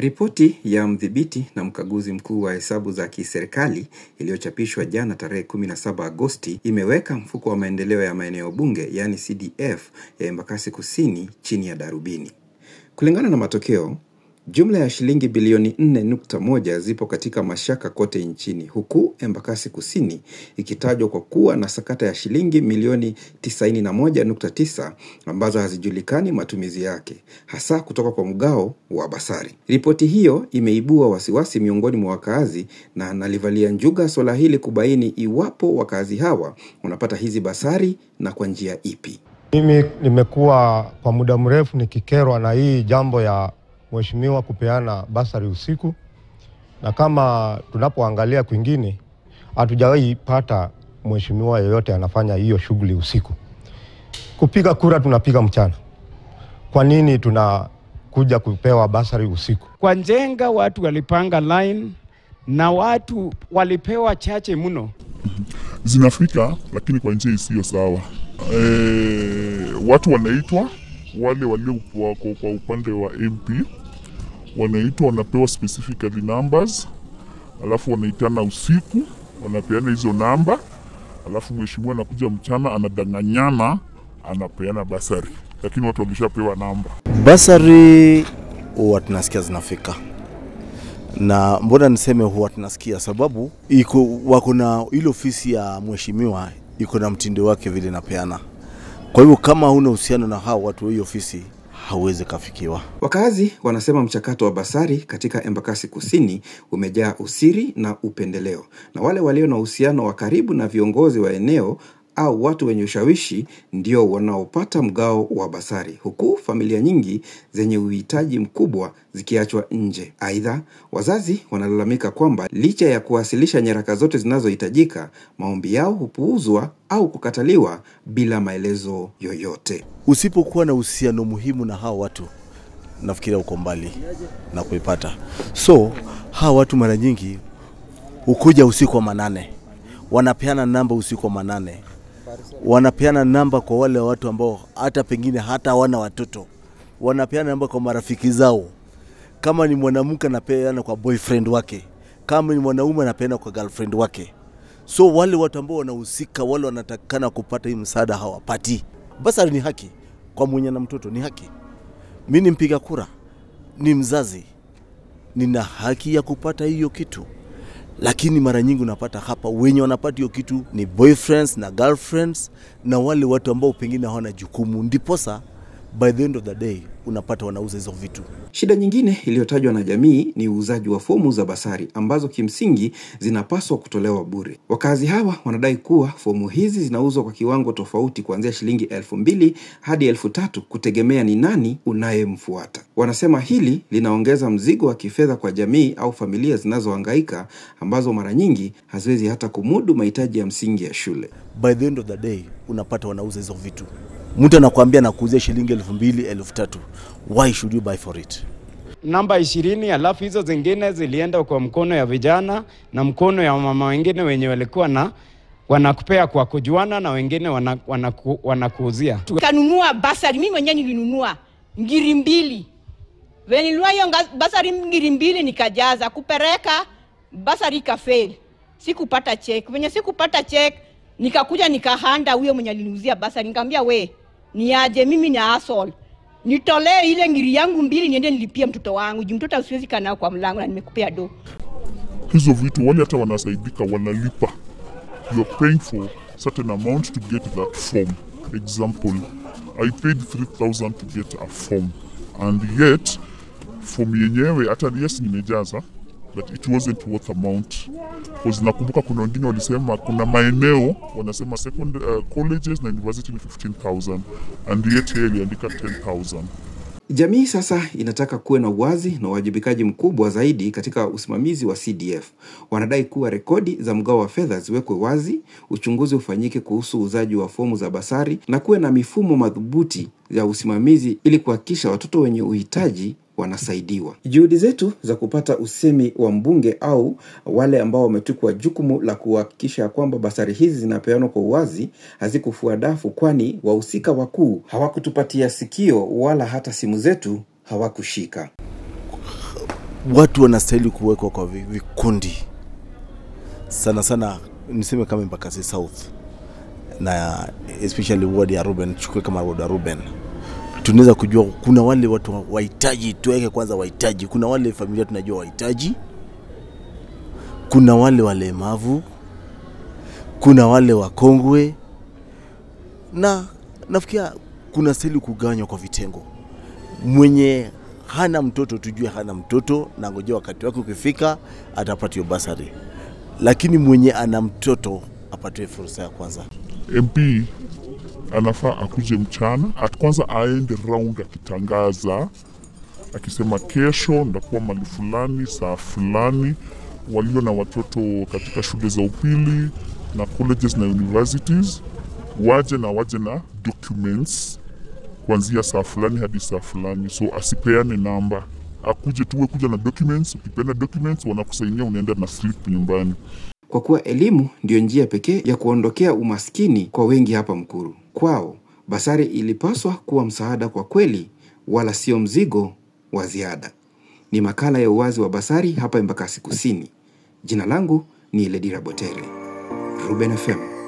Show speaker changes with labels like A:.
A: Ripoti ya mdhibiti na mkaguzi mkuu wa hesabu za kiserikali iliyochapishwa jana tarehe 17 Agosti imeweka mfuko wa maendeleo ya maeneo bunge yaani CDF ya Embakasi Kusini chini ya darubini. Kulingana na matokeo, Jumla ya shilingi bilioni 4.1 zipo katika mashaka kote nchini, huku Embakasi Kusini ikitajwa kwa kuwa na sakata ya shilingi milioni 91.9 ambazo hazijulikani matumizi yake, hasa kutoka kwa mgao wa Basari. Ripoti hiyo imeibua wasiwasi miongoni mwa wakaazi na analivalia njuga swala hili kubaini iwapo wakaazi hawa wanapata hizi basari na kwa njia ipi.
B: Mimi nimekuwa kwa muda mrefu nikikerwa na hii jambo ya mheshimiwa kupeana basari usiku, na kama tunapoangalia kwingine hatujawahi pata mheshimiwa yeyote anafanya hiyo shughuli usiku. Kupiga kura tunapiga mchana, kwa nini tunakuja kupewa basari usiku? Kwa Njenga watu walipanga
A: line na watu walipewa chache mno,
C: zinafika lakini kwa njia isiyo sawa. E, watu wanaitwa wale walio kwa upande wa MP wanaitwa wanapewa specifically numbers, alafu wanaitana usiku, wanapeana hizo namba, alafu mheshimiwa anakuja mchana, anadanganyana, anapeana basari, lakini watu walishapewa namba.
B: Basari huwa tunasikia zinafika na mbona niseme huwa tunasikia sababu iko wako na ile ofisi ya mheshimiwa iko na mtindo wake vile napeana. Kwa hivyo kama huna uhusiano na hao watu wa hiyo ofisi hauwezi kafikiwa. Wakazi wanasema mchakato wa basari katika Embakasi Kusini
A: umejaa usiri na upendeleo, na wale walio na uhusiano wa karibu na viongozi wa eneo au watu wenye ushawishi ndio wanaopata mgao wa basari, huku familia nyingi zenye uhitaji mkubwa zikiachwa nje. Aidha, wazazi wanalalamika kwamba licha ya kuwasilisha nyaraka zote zinazohitajika, maombi yao hupuuzwa
B: au kukataliwa bila maelezo yoyote. Usipokuwa na uhusiano muhimu na hawa watu, nafikiria uko mbali na kuipata. So hawa watu mara nyingi hukuja usiku wa manane, wanapeana namba usiku wa manane wanapeana namba kwa wale watu ambao hata pengine hata wana watoto, wanapeana namba kwa marafiki zao. Kama ni mwanamke anapeana kwa boyfriend wake, kama ni mwanaume anapeana kwa girlfriend wake. So wale watu ambao wanahusika, wale wanatakikana kupata hii msaada hawapati. Basi ni haki kwa mwenye na mtoto, ni haki. Mi ni mpiga kura, ni mzazi, nina haki ya kupata hiyo kitu lakini mara nyingi unapata hapa wenye wanapata hiyo kitu ni boyfriends na girlfriends na wale watu ambao pengine hawana jukumu, ndiposa by the end of the day unapata wanauza hizo vitu. Shida nyingine iliyotajwa na jamii ni uuzaji wa fomu za
A: basari ambazo kimsingi zinapaswa kutolewa bure. Wakazi hawa wanadai kuwa fomu hizi zinauzwa kwa kiwango tofauti kuanzia shilingi elfu mbili hadi elfu tatu kutegemea ni nani unayemfuata. Wanasema hili linaongeza mzigo wa kifedha kwa jamii au familia zinazohangaika ambazo mara nyingi haziwezi hata kumudu mahitaji ya msingi ya shule.
B: By the end of the day unapata wanauza hizo vitu mtu anakuambia nakuuzia shilingi elfu mbili elfu tatu why should you buy for it?
A: Namba ishirini. Alafu hizo zingine zilienda kwa mkono ya vijana na mkono ya mama wengine wenye walikuwa na wanakupea kwa kujuana na wengine wanakuuzia wanaku, wanakuuzia.
C: Kanunua basari, mimi mwenyewe nilinunua
A: ngiri mbili venilua hiyo basari ngiri mbili nikajaza kupereka basari kafeli, sikupata cheki. Venye sikupata cheki nikakuja nikahanda huyo mwenye aliniuzia basari, nikamwambia we niaje mimi na asol nitolee ile ngiri yangu mbili niende nilipie mtoto wangu juu mtoto asiwezi kanao kwa mlango na nimekupea do
C: hizo vitu wale hata wanasaidika wanalipa you are paying for certain amount to get that form example i paid 3000 to get a form and yet form yenyewe hata yes nimejaza but it wasn't worth amount because nakumbuka kuna wengine walisema kuna maeneo wanasema second, uh, colleges na university ni 15000 and yet yeye aliandika 10000
A: Jamii sasa inataka kuwe na uwazi na uwajibikaji mkubwa zaidi katika usimamizi wa CDF. Wanadai kuwa rekodi za mgao wa fedha ziwekwe wazi, uchunguzi ufanyike kuhusu uuzaji wa fomu za basari na kuwe na mifumo madhubuti ya usimamizi ili kuhakikisha watoto wenye uhitaji wanasaidiwa. Juhudi zetu za kupata usemi wa mbunge au wale ambao wametukwa jukumu la kuhakikisha kwamba basari hizi zinapeanwa kwa uwazi hazikufua dafu, kwani wahusika wakuu hawakutupatia sikio wala
B: hata simu zetu hawakushika. Watu wanastahili kuwekwa kwa vikundi sana sana, niseme kama Embakasi South na especially ward ya Ruben, chukue kama ward ya Ruben tunaweza kujua kuna wale watu wahitaji, tuweke kwanza wahitaji. Kuna wale familia tunajua wahitaji, kuna wale walemavu, kuna wale wakongwe, na nafikia kuna seli kugawanywa kwa vitengo. Mwenye hana mtoto tujue hana mtoto, na ngojea wakati wake ukifika atapatiwa basari, lakini mwenye ana mtoto apatiwe fursa ya kwanza.
C: MP anafaa akuje mchana at kwanza, aende round akitangaza akisema, kesho ndakuwa mali fulani saa fulani, walio na watoto katika shule za upili na colleges na universities waje na waje na documents kuanzia saa fulani hadi saa fulani. So asipeane namba, akuje tuwe kuja na documents. Ukipeana documents, wanakusainia unaenda na slip nyumbani kwa kuwa elimu ndiyo njia pekee ya kuondokea
A: umaskini kwa wengi hapa Mkuru. Kwao basari ilipaswa kuwa msaada kwa kweli, wala sio mzigo wa ziada. Ni makala ya Uwazi wa Basari hapa Embakasi Kusini. Jina langu ni ledi Botere, Ruben FM.